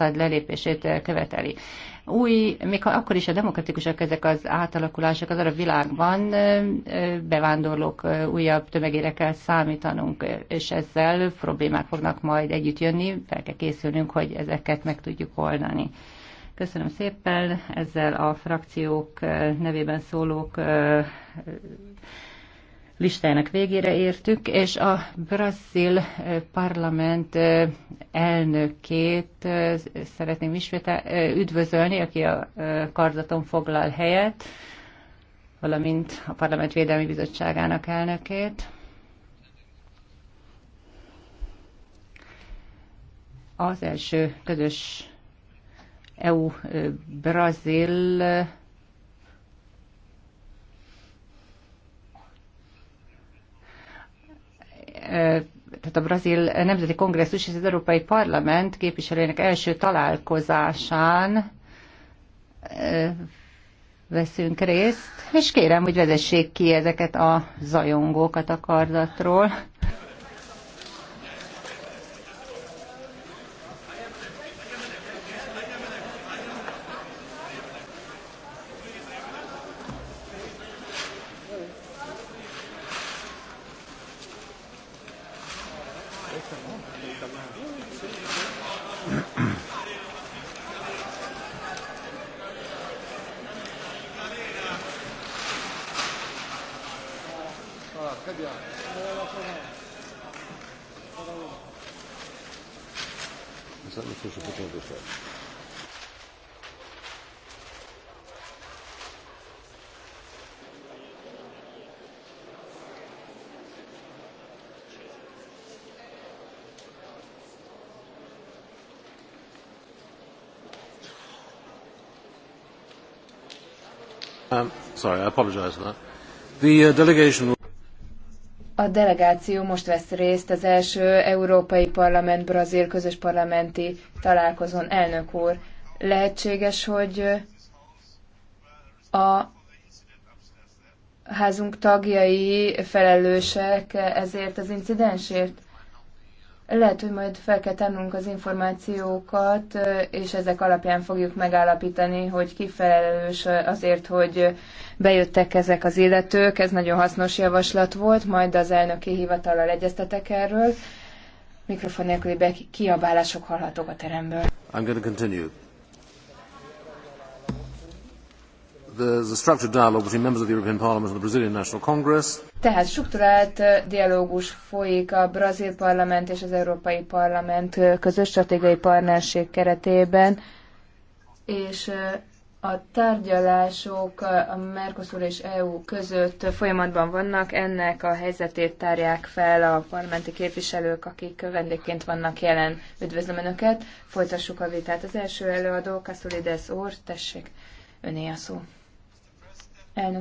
Assad lelépését eh, követeli. Új, még akkor is a demokratikusak ezek az átalakulások az arab világban, eh, eh, bevándorlók újabb tömegére kell számítanunk, és ezzel problémák fognak majd együtt jönni, fel kell készülnünk, hogy ezeket meg tudjuk oldani. Köszönöm szépen, ezzel a frakciók nevében szólók listájának végére értük, és a brazil parlament elnökét szeretném ismét üdvözölni, aki a karzaton foglal helyet, valamint a Parlament Védelmi Bizottságának elnökét. Az első közös EU-Brazil tehát a Brazil Nemzeti Kongresszus és az Európai Parlament képviselőinek első találkozásán veszünk részt, és kérem, hogy vezessék ki ezeket a zajongókat a kardatról. Köszönöm, hogy Um, uh, a delegáció most vesz részt az első Európai Parlament Brazil közös parlamenti találkozón. Elnök úr, lehetséges, hogy uh, a házunk tagjai felelősek ezért az incidensért? Lehet, hogy majd fel kell tennünk az információkat, és ezek alapján fogjuk megállapítani, hogy ki felelős azért, hogy bejöttek ezek az illetők. Ez nagyon hasznos javaslat volt, majd az elnöki hivatallal egyeztetek erről. Mikrofon nélküli kiabálások hallhatók a teremből. I'm going to continue. Tehát strukturált uh, dialógus folyik a brazil parlament és az Európai Parlament uh, közös stratégiai partnerség keretében, és uh, a tárgyalások a Mercosur és EU között folyamatban vannak, ennek a helyzetét tárják fel a parlamenti képviselők, akik vendégként vannak jelen. Üdvözlöm Önöket, folytassuk a vitát. Az első előadó, Kasszulides úr, tessék, öné a szó. Elnök